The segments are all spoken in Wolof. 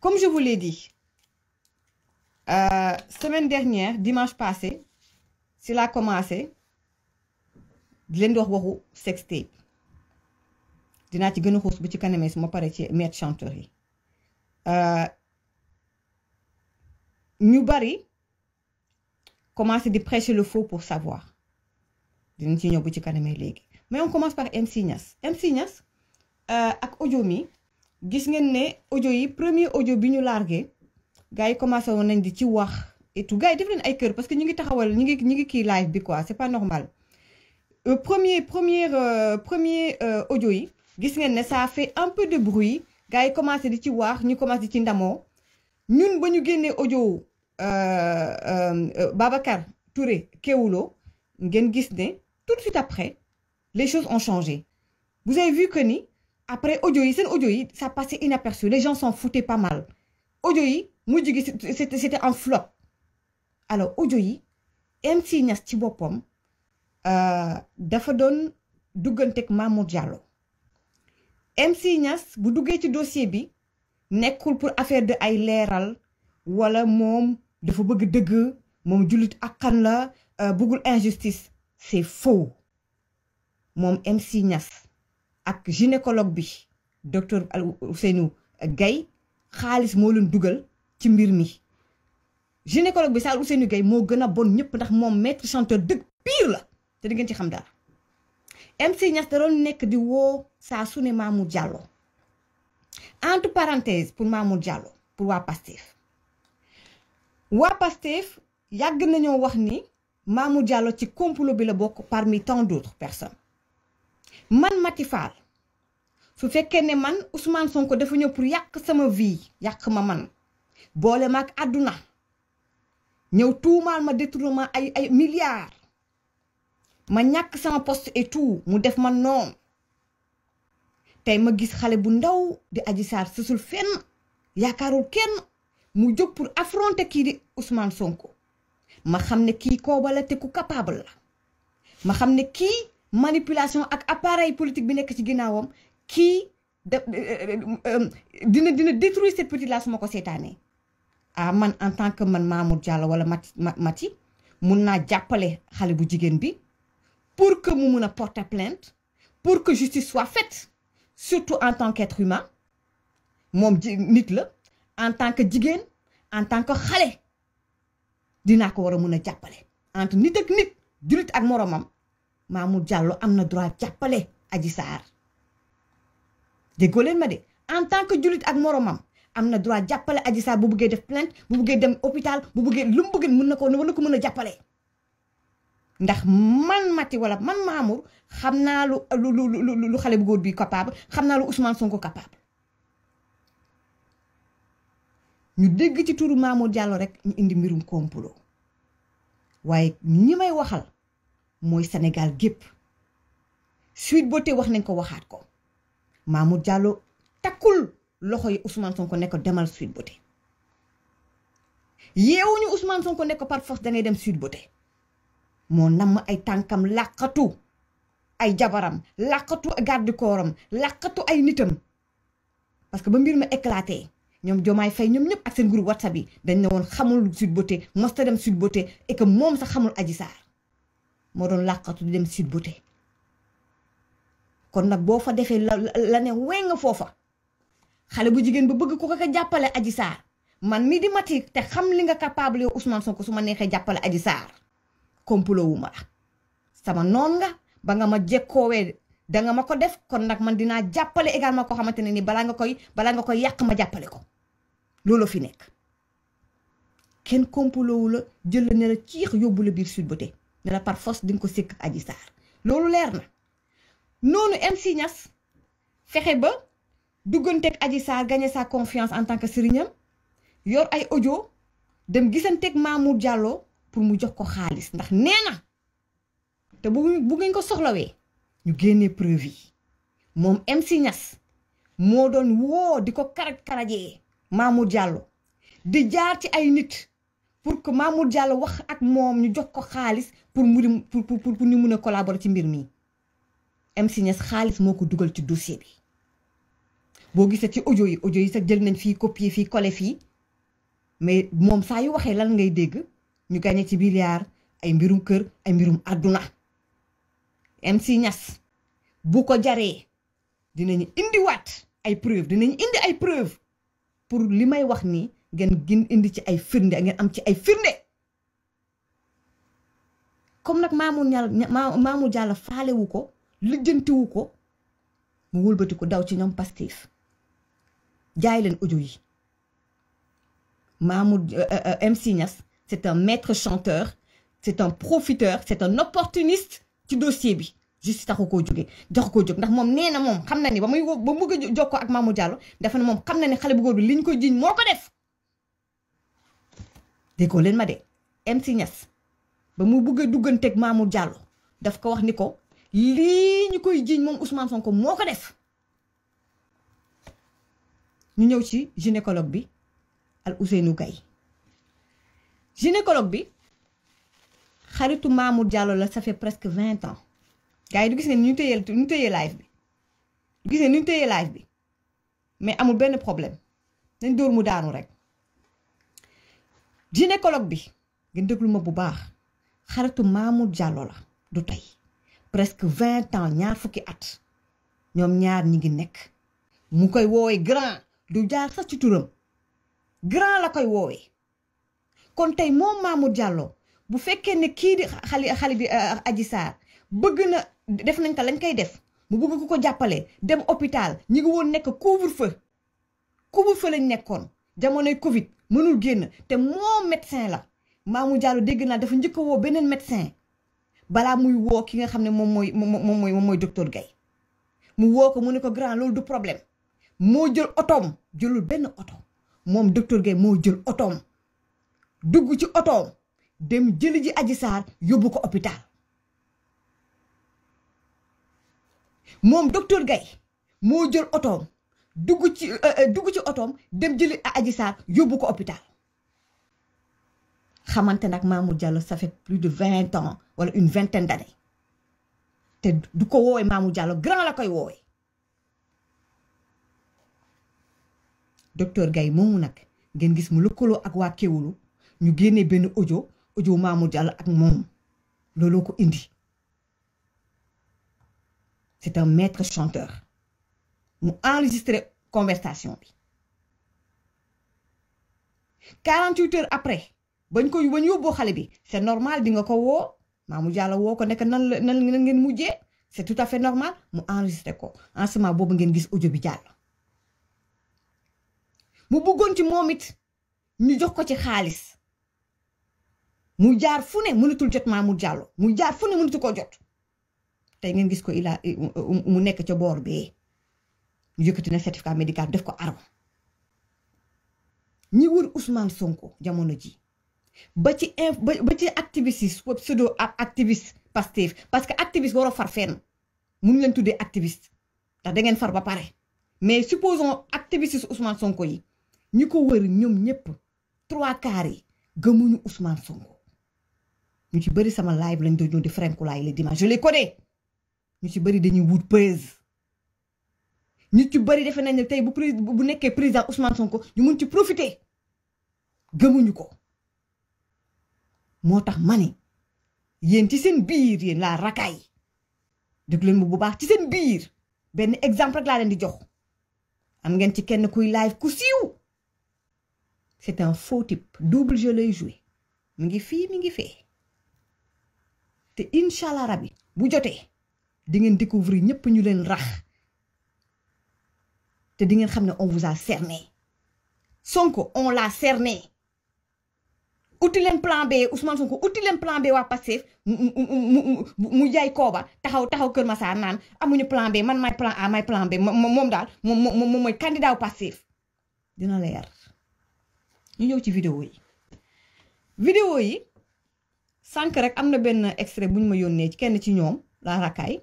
comme je vous l'ai euh, semaine dernière dimanche passé si laa commencé di leen di wax waxu sextape dinaa ci gën a xuus bu ci kanamee su ma pare ci maître chanteur yi euh, ñu bari commencé di prêcher le faux pour savoir dinañ ci ñëw bu ci kanamee léegi mais on commence par MC Niass MC Niass euh, ak audio mi gis ngeen ne audio yi premier audio bi ñu largué gars yi commencé woon nañ di ci wax et tout gars yi def leen ay kër parce que ñu ngi taxawal ñu ngi ñu ngi kii live bi quoi c'est pas normal. Euh, premier premier euh, premier euh, audio yi gis ngeen ne saa fait un peu de bruit gars yi commencé di ci waax ñu commencé di ci ndamoo ñun ba ñu génnee audio Babacar Touré Kewulo ngeen gis ne tout de suite après les choses ont changé après audio yi seen audio yi ça passait inaperçu les gens s'en foutaient pas mal audio yi mujj gi c'était en flop alors audio yi MC Niass ci boppam euh, dafa doon dugganteeg Mamour Diallo MC Niass bu duggee ci dossier bi nekkul pour affaire de ay leeral walla moom dafa bëgg dëgg moom jullit ak kan la euh, bëggul injustice c'est faux moom MC Niass ak gynécologue bi docteur Ousseynou gay xaalis moo leen dugal ci mbir mi gynécologue bi Sall Ousseynou Gaye moo gën a bon ñëpp ndax moom maître chanteur dëgg pire la te di ngeen ci xam dara MC Niass da nekk di woo saa su ne Mamour Diallo entre parenthèse pour Mamour Diallo pour waa Pastef waa Pastef yàgg nañoo wax ni Mamour Diallo ci complot bi la bokk parmi tant d'autres personnes man Mati Fall su fekkee ne man Ousmane Sonko dafa ñëw pour yàq sama vie yàq ma man boole ma ak àdduna ñëw tuumaal ma détournement ay ay milliards ma ñàkk sama post et tout mu def ma noonu tey ma gis xale bu ndaw di Adji Sarr sësul fenn yaakaarul kenn mu jóg pour affronter kii di Ousmane Sonko ma xam ne kii koobala te ku capable la ma xam ne kii. manipulation ak appareil politique bi nekk ci ginnaawam kii da euh, euh, euh, dina dina détruire cette petite là su ma ko seetaanee ah man en tant que man Mamour Diallo wala Mati Mati mun naa jàppale xale bu jigéen bi pour que mu mun a porter plainte pour que justice soit fait surtout en tant qu'être humain moom ji nit la en tant que jigéen en tant que xale dinaa ko war a mun a jàppale entre nit ak nit jullit ak moroomam Mamour Diallo am na droit jàppale Adji Sarr déggoo leen ma de en tant que jullit ak moromam am na droit jàppale Adji Sarr bu buggee def plainte bu buggee dem hôpital bu buggee lu mu bëggee mën na ko war na ko mën a jàppale. ndax man Mati wala man Mamour xam naa lu lu lu lu xale bu góor bii capable xam naa lu Ousmane Sonko capable. ñu dégg ci turu Mamour jàlloo rek ñu indi mbirum complot waaye ñi may waxal. mooy Sénégal gépp Sweet Beauté wax nañ ko waxaat ko maa mu Diallo takkul loxo yi Ousmane Sonko ne ko demal Sweet Beauté yeewuñu Ousmane Sonko ne ko par force dangay dem Sweet Beauté moo namm ay tànkam làqatu ay jabaram làqatu garde kooram làqatu ay nitam parce que ba mbir ma ñoom jomaay fay ñoom ñëpp ak seen dañ ne xamul Sweet Beauté mosta dem Sweet Beauté moom sax xamul aji Sarr moo doon làqatu di dem sud beauté kon nag boo fa defee la ne wey nga foofa xale bu jigéen ba bëgg ko ko jàppale Adji Sarr man mi di mati te xam li nga capable yow Ousmane ko su ma neexee jàppale Adji saar complot wu ma la sama noon nga ba nga ma jekkoowee danga ma ko def kon nag man dinaa jàppale également koo xamante ne ni balaa nga koy balaa nga koy yàq ma jàppale ko loolu fi nekk kenn complot wu la jël la ne la ciix yóbbu la biir sud beauté ne la par di nga ko sikk aji Sarr loolu leer na noonu MC Niass fexe ba dugganteeg aji Sarr gagné sa confiance en tant que sëriñam yor ay audio dem gisanteeg Mamour jàlloo pour mu jox ko xaalis ndax nee te bu bu ngeen ko soxlawee ñu génnee preuve moom MC Niass moo doon woo di ko karaj karajee Mamour Diallo di jaar ci ay nit pour que ma Mamour Diallo wax ak moom ñu jox ko xaalis pour mu di pour pour ñu mun a collaborer ci mbir mi MC Niass xaalis moo ko dugal ci dossier bi boo gisee ci audio yi audio yi sax jël nañ fii copier fii kole fii mais moom saa yu waxee lan ngay dégg ñu gagné ci milliard ay mbirum kër ay mbirum àdduna MC Niass bu ko jaree dinañu indiwaat ay preuve dinañu indi ay preuve pour li may wax nii ngeen gën indi ci ay firnde ngeen am ci ay firnde comme nag maamu ñal maamu jàll faalewu ko lijjantiwu ko mu wulbati ko daw ci ñoom Pastef jaay leen audio yi maamu euh, euh, euh, MC Niass c'est un maître chanteur c'est un profiteur c'est un opportuniste ci dossier bi juste taxu koo jógee taxu koo jóg ndax moom nee na moom xam na ni ba muy ba mu bëgg a jokkoo ak Mamour Diallo dafa ne moom xam na ne xale bu góor bi li ñu ko jiiñ moo ko def déggoo leen ma de MC ba mu bëgg a dugganteeg Mamour Diallo daf ko wax ni ko lii ñu koy jiiñ moom Ousmane Sonko moo ko def ñu ñëw ci gynécologue bi al Ousseynou Gaye gynécologue bi xaritu Mamour Diallo la ça fait presque vingt ans gars yi du gis ne ñu tëyee ñu tëyee live bi du gis ne ñu tëyee live bi mais amul benn problème nañ dóor mu daanu rek gynécologue bi ngeen déglu ma bu baax xaritu Mamou Diallo la du tey presque vingt ans ñaar fukki at ñoom ñaar ñi ngi nekk mu koy woowee grand du jaar sax ci turam grand la koy woowee kon tey moom Mamou Diallo bu fekkee ne kii di xali xali bi euh, Adji Sarr bëgg na def nañ ko lañ koy def mu bëgg ku ko jàppale dem hôpital ñi ngi woon nekk couvre fa couvre feu lañ nekkoon jamonoy Covid. mënul génn te moom médecin la mu Diallo dégg naa dafa njëkk woo beneen médecin balaa muy woo ki nga xam ne moom mooy moom mooy moom mooy docteur Gaye mu woo ko mu ko grand du problème moo jël otoom jëlul benn otoom moom docteur Gaye moo jël otoom dugg ci otoom dem jëli ji Adji yóbbu ko hôpital moom docteur Gaye moo jël otoom. dugg ci euh, euh, dugg ci otoom dem jëli Adji Sarr yóbbu ko hôpital xamante nag Mamour Diallo ça fait plus de vingt ans wala une vingtaine d'années te du ko woowee Mamour Diallo grand la koy woowee docteur gay moomu nag ngeen gis mu lëkkaloo ak waa Kéwoulo ñu génnee benn audio audio Mamour Diallo ak moom looloo ko indi c'est un maître chanteur mu enregistré conversation bi 48 heures après bañ ko bañ yóbboo xale bi c'est normal bi nga ko woo maa mu Diallo woo ko nekk nan la nan ngeen mujjee c'est tout à fait normal mu enregistré ko en ce boobu ngeen gis audio bi jàll. mu bëggoon ci moom it ñu jox ko ci xaalis mu jaar fu ne mënatul jot mu jaar fu ne ko jot tey ngeen gis ko il mu nekk ca boor bi ñu yëkkati na certificat médical def ko arme ñi wër Ousmane Sonko jamono ji ba ci ba ci activiste yi pseudo activiste Pastef parce que activiste waroo far fenn mun leen tuddee activiste ndax da ngeen far ba pare mais supposons activiste Ousmane Sonko yi ñi ko wër ñoom ñëpp trois quarts yi gëmuñu Ousmane Sonko ñu ci bëri sama live lañ doon ñëw di frenku laay les dimanche je les connais ñu ci bëri dañuy wut pèse ñu ci bëri defe nañ ne tey bu bu nekkee président Ousmane Sonko ñu mun ci profiter gëmuñu ko moo tax ma ne yéen ci seen biir yéen laa rakaay déglu leen mu bu baax ci seen biir benn exemple rek leen di jox am ngeen ci kenn kuy live ku siiw c'est un faux type double jeu lay joué mi ngi fii mi ngi fee te incha allah rabi bu jotee di ngeen découvrir ñëpp ñu leen rax. te di ngeen xam ne on vous a cerné Sonko on l'a cerné uti plan B Ousmane Sonko uti leen plan B waa Pastef mu mu jaay kooba taxaw taxaw Kër Massar naan amuñu plan B man maay plan A maay plan B moom daal moom moom mooy candidat wu Pastef dina la yar ñu ñëw ci vidéo yi. vidéo yi sànq rek am na benn extrait bu ñu ma yónnee ci kenn ci ñoom la rakaay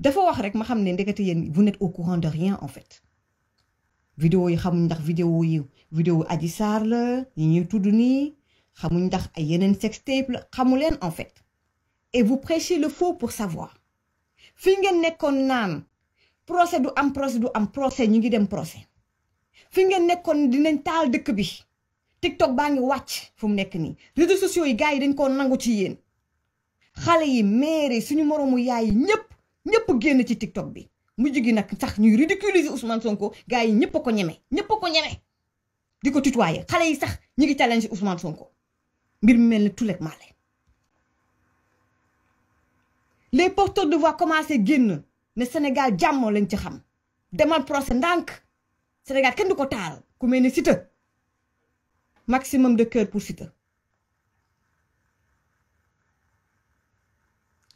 dafa wax rek ma xam ne ndekete yéen vous n'êtes au courant de rien en fait. vidéo yi xamuñ ndax vidéo yi vidéo aji Sarr la yi ñuy tudd nii xamuñ ndax ay yeneen sextape la xamu leen en fait et vous prêchez le faux pour savoir fii ngeen nekkoon naan procès du am procès du am procès ñu ngi dem procès fii ngeen nekkoon dinañ taal dëkk bi TikTok baa ngi wàcc fu nekk nii réseaux sociaux yi gars yi dañ koo nangu ci yéen xale yi maire suñu moroomu yaay yi ñëpp ñëpp génn ci TikTok bi mu gi nag sax ñuy ridiculiser Ousmane Sonko gars yi ñëpp a ko ñeme ñëpp a ko ñeme di ko tutoyer xale yi sax ñi ngi si Ousmane Sonko mbir mu mel ni tulek male les porteurs de voix commencé génn ne Sénégal jàmmoo lañ ci xam demal procès ndànk Sénégal kenn du ko taal ku mel ni Siteu maximum de cœur pour Siteu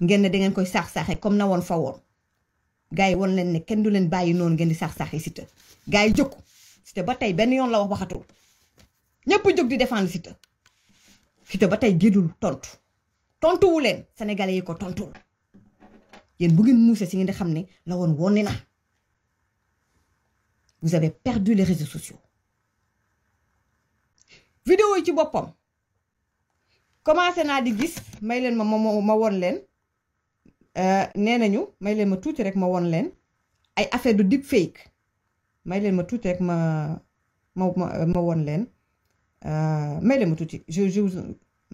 ngeen ne dangeen koy saax-saaxe comme na woon fa woon gars yi woon leen ne kenn du leen bàyyi noonu ngeen di sax-saxi Siteu gaa yi jóg Siteu ba tey benn yoon la wax waxatul ñëpp jóg di défendre Siteu Siteu ba tey gédul tontu tontuwu leen sénégalais yi ko tontu yéen bu ngeen muusee si ngeen di xam ne la woon wonni na vous avez perdu les réseaux sociaux vidéo yi ci boppam commencé naa di gis may leen ma ma ma woon leen Euh, nee nañu may leen ma tuuti rek ma won leen ay affaire du deep fake may leen ma tuuti rek ma ma ma won leen euh, may leen ma tuuti je je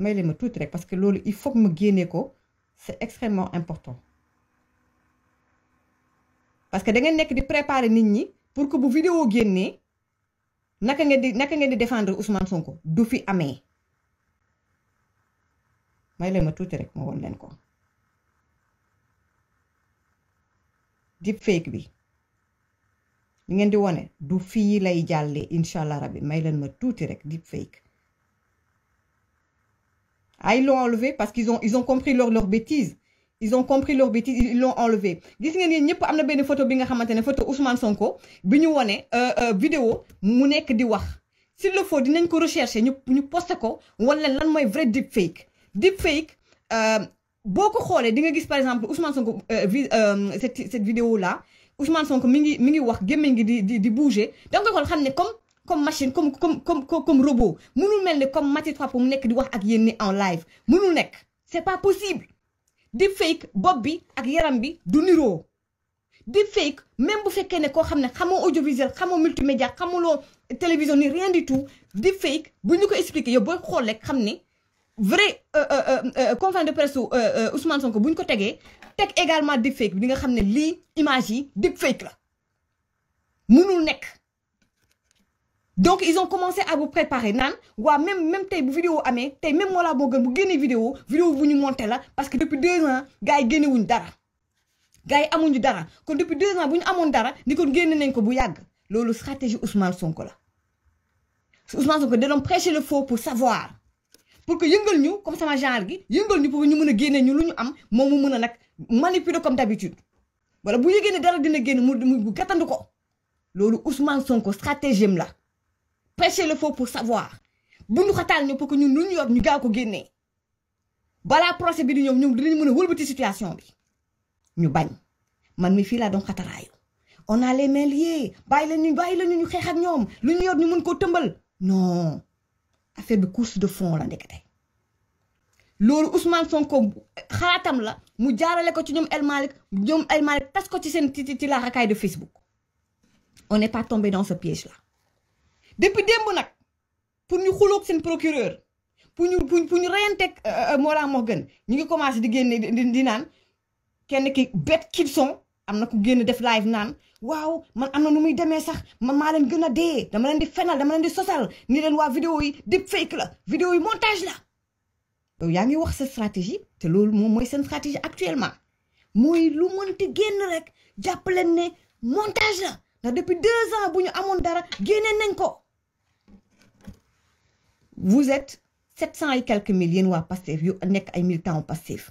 may leen ma tuuti rek parce que loolu il faut ma génnee ko c'est extrêmement important parce que da ngeen nekk di préparer nit ñi pour que bu vidéo génnee naka ngeen di naka ngeen di défendre Ousmane Sonko du fi amee may leen ma tuuti rek ma won leen ko. deepfake bi li ngeen di wone du fii lay jàllee incha allah rabbi may leen ma tuuti rek deepfake ah ils l'ont enlevé parce que ont ils ont compris leur leur bêtise ils ont compris leur bêtise ils l'ont enlevé gis nga yéen ñëpp am na benn photo bi nga xamante ne photo Ousmane Sonko bi ñu wone euh, euh, vidéo mu nekk di wax s'il le faut dinañ ko rechercher ñu ñu posté ko wala lan mooy vrai deepfake deepfake euh, boo ko xoolee di nga gis par exemple Ousmane Sonko euh, euh, cette cette vidéo là Ousmane Sonko mi ngi mi ngi wax gémmiñ gi di di di bouger da nga xool xam ne comme comme machine comme comme comme comme robot mënul mel ne comme Maty Trois Pommes mu nekk di wax ak yéen ni en live mënul nekk c'est pas possible deepfake bopp bi ak yaram bi du di deepfake même bu fekkee ne koo xam ne xamoo audiovisuel xamoo multimédia xamuloo télévision ni rien du tout deepfake bu ñu ko expliquer yow booy xool rek xam ni vrai euh, euh, euh, conférence de presse Ousmane Sonko bu ñu ko tegee teg également deepfake bi nga xam ne lii image yi deepfake la mënul nekk donc ils ont commencé à vous préparer naan waa même même tey bu vidéo amee tey même moo laa gën bu génnee vidéo vidéo bu ñu monté la parce que depuis deux ans gars yi génnewuñ dara gars yi amuñu dara kon depuis deux ans bu ñu amoon dara ni ko génne nañ ko bu yàgg loolu stratégie Ousmane Sonko la Ousmane Sonko da doon prêcher le faux pour savoir pour que yëngal ñu comme sama genre gi yëngal ñu pour que ñu mën a génne ñu lu ñu am moom mu mën a nag manipuler comme d'habitude wala bu yëgee ne dara dina génn mu mu gàttandu ko loolu Ousmane Sonko stratégème la prêcher le faux pour savoir bu ñu xataal ñu pour que ñun lu ñu yor ñu gaaw ko génnee balaa procès bi di ñoom ñoom dinañ mën a wëlbati situation bi ñu bañ man mi fii laa doon xataraayu on a les mains liées bàyyi la ñu bàyyi la ñu xeex ak ñoom lu ñu yor ñu mën koo tëmbal non. affaire bi course de fond la ndekete loolu Ousmane Sonko xaatam la mu jaarale ko ci ñoom El Malick ñoom El tas ko ci seen ci ci la racaille de Facebook on n'est pas tombé dans ce piège là depuis démb nag pour ñu xuloog seen procureur pour ñu pour ñu reyanteeg euh, euh, moo Morgun ñu ngi commencé di génne di naan kenn ki Bet Kibson am na ko génn def live naan waaw man am na nu muy demee sax man maa leen gën a dee dama leen di fenal dama leen di sosal ni leen waa video yi deep fake la vidéo yi montage la yaa ngi wax sa stratégie te loolu moom mooy seen stratégie actuellement mooy lu mënti génn rek jàpp leen ne montage la ndax depuis deux ans bu ñu amoon dara génnee nañ ko vous êtes sept cent et quelques mille yéen waa Pastef yu nekk ay militants Pastef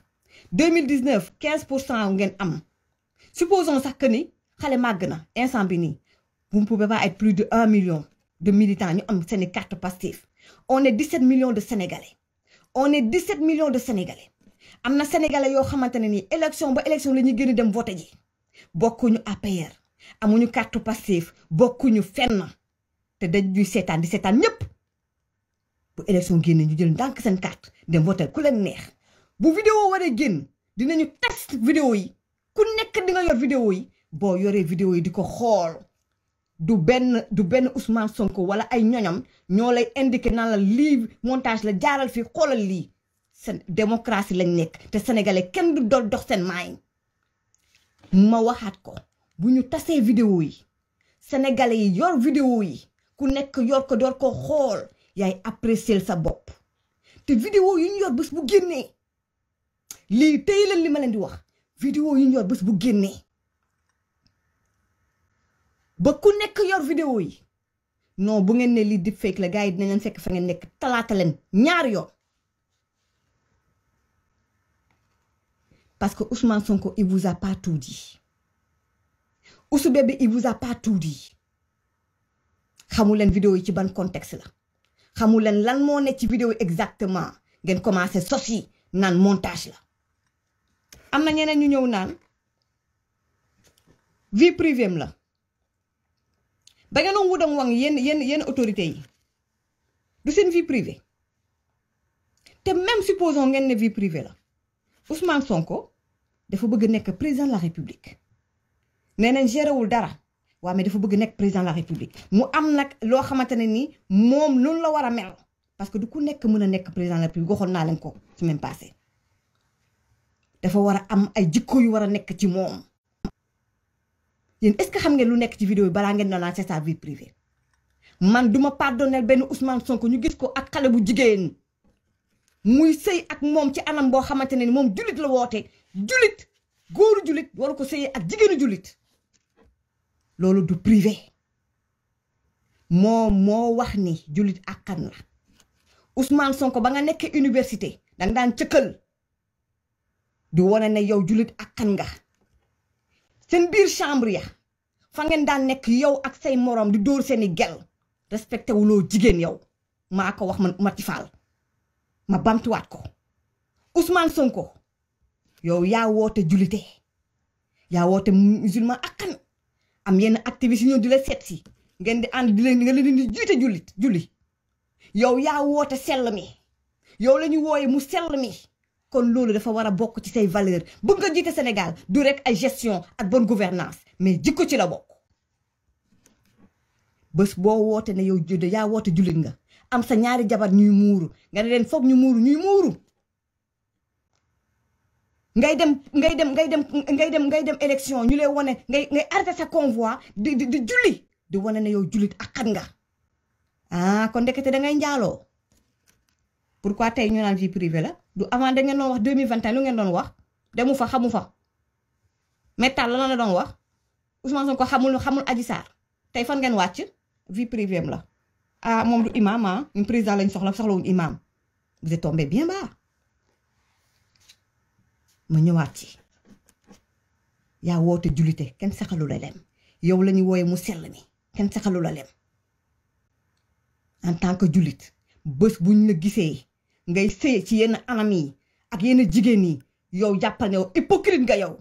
deux mille dix-neuf quinze pour cent ngeen am supposons sax que ni xale màgg na insant bi nii vous ne pouvez pas être plus de un million de militants ñu am seeni carte Pastef on est 17 millions de sénégalais on est 17 millions de sénégalais am na sénégalais yoo xamante ne nii élection ba élection la ñuy gën a dem voté ji bokkuñu APR amuñu carte Pastef bokkuñu fenn te dañuy seetaan di seetaan ñëpp bu élection génne ñu jël ndànk seen carte dem voté ku leen neex bu vidéo waree génn dinañu test vidéo yi. ku nekk di nga yor vidéo yi boo yoree vidéo yi di ko xool du benn du benn Ousmane Sonko wala ay ñoñam ñoo lay indiqué naan la lii montage la jaaral fi xoolal lii seen démocratie lañ nekk te sénégalais kenn du dool dox seen maayin ma waxaat ko bu ñu tasee vidéo yi sénégalais yi yor vidéo yi ku nekk yor ko door ko xool yaay apprécier sa bopp te vidéo yi ñu yor bés bu génnee lii tey leen li ma leen di wax vidéo yi ñu yor bés bu génnee ba ku nekk yor vidéo yi non bu ngeen ne lii deep fake la gars yi dina leen fekk fa ngeen nekk talaata leen ñaar yoon parce que Ousmane Sonko il vous a pas tout dit Ousou Bébé il vous a pas tout dit xamu leen vidéo yi ci ban contexte la xamu leen lan moo nekk ci vidéo yi exactement ngeen commencé sos naan montage la. am na ñeneen ñu ñëw naan vi privée la ba ngeen doon wuddoon yenn yenn yenn autorité yi du seen vi privée te même supposons ngeen ne vie privée la Ousmane Sonko dafa bëgg nekk président de la République nee nañ gérewul dara waa mais dafa bëgg nekk président de la République mu am nag loo xamante ne ni moom loolu la war a mel parce que du ku nekk mën a nekk président de la République waxoon naa leen ko semaine passée. dafa war a am ay jikko yu war a nekk ci moom. yéen est-ce que xam ngeen lu nekk ci video yi balaa ngeen na lancer sa vie privée man duma pardonner benn Ousmane Sonko ñu gis ko ak xale bu jigéen muy sëy ak moom ci anam boo xamante ne ni moom jullit la woote jullit góoru julit waru ko sëyee ak jigéenu jullit loolu du privé moom moo wax ni julit ak kan la Ousmane Sonko ba nga nekk université danga daan cëkkal di wone ne yow jullit ak kan nga seen biir chambre ya fa ngeen daan nekk yow ak sey moroom di dóor seeni gel respecté wuloo jigéen yow maa ko wax ma Oumaty ma bamtuwaat ko Ousmane Sonko yow yaa woote julite yaa woote musulman ak am yenn activiste ñoo di la seet si ngeen di ànd di leen nga leen di jiite jullit julli yow yaa woote sell mi yow la ñu wooye mu sell mi kon loolu dafa war a bokk ci say valeur bëgg nga jiite Sénégal du rek ay gestion ak bonne gouvernance mais jikko ci la bokk bés boo woote ne yow jude yaa woote jullit nga am sa ñaari jabar ñuy muuru nga ne leen foog ñu muuru ñuy muuru ngay dem ngay dem ngay dem ngay dem ngay dem élection ñu lay wane ngay ngay sa convoi di di julli di wane ne yow jullit ak xat nga ah kon ndekete da ngay njaaloo pourquoi tey ñu naan vie privée la du avant da ngeen doon wax 2021 lu demu fa xamu fa métal la la doon wax Ousmane Sonko xamul xamul Adji Sarr tey fan ngeen wàcc vie privée la ah moom du imam ah ñun président lañ soxla soxlawuñ imam vous êtes tombé bien bas ma ñëwaat ci yaa woote julite kenn saxalu la lem yow la ñu wooye mu sell mi kenn saxalu la lem en tant que julit bés buñ la gisee ngay sëye ci yenn anam yi ak yenn jigéen yi yow jàppal ne yow hypocrite nga yow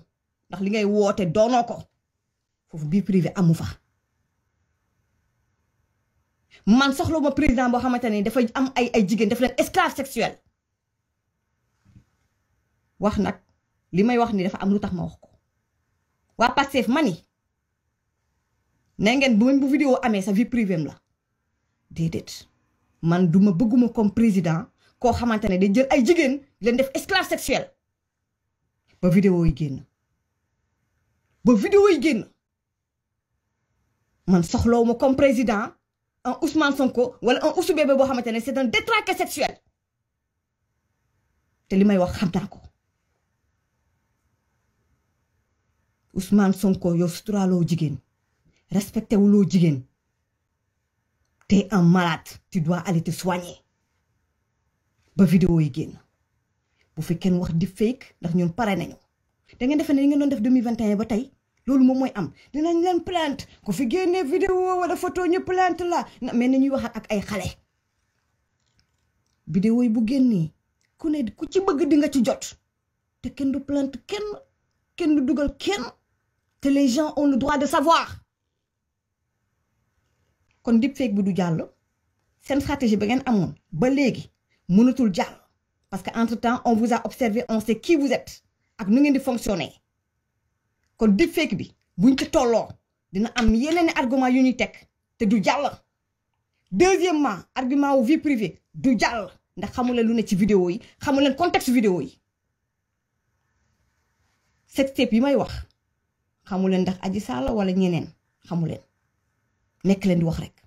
ndax li ngay woote doonoo ko foofu biir privé amu fa man soxla ma président boo xamante ne dafa am ay ay jigéen dafa leen esclave sexuel wax nag li may wax ni dafa am lu tax ma wax ko waa Pastef ma ni ne ngeen bu bu vidéo amee sa vie privée la déedéet man duma bëgguma comme président koo xamante ne day jël ay jigéen leen def esclave sexuel ba vidéo yi génn ba vidéo yi génn man soxlawu ma comme président un Ousmane Sonko wala un Oussou Bébé boo xamante ne c'est un détraqué sexuel te li may wax xam naa ko Ousmane Sonko yow suturaaloo jigéen respecté wuloo jigéen t'es un malade tu dois aller te soigner. ba vidéo yi génn bu fi kenn wax di fake ndax ñoom pare nañu da defe defee ne li ngeen doon def demi 2021 ba tey loolu moom mooy am dinañ leen plante ku fi génnee vidéo wala photo ñu plante la mais nañuy wax ak ay xale. vidéo yi bu génnee ku ne ku ci bëgg di nga ci jot te kenn du plante kenn kenn du dugal kenn te les gens ont le droit de savoir kon deepfake bu du jàll seen stratégie ba ngeen amoon ba léegi. mënatul jàll parce que entre temps on vous a observé on sait qui vous êtes ak nu ngeen di fonctionner kon di fake bi buñ ci tolloo dina am yeneen argument yu ñuy teg te du jàll deuxièmement argument wu vie privée du jàll ndax xamu leen lu ne ci vidéo yi xamu leen contexte vidéo yi sextape yi may wax xamu leen ndax aji Sarr la wala ñeneen xamu leen nekk leen di wax rek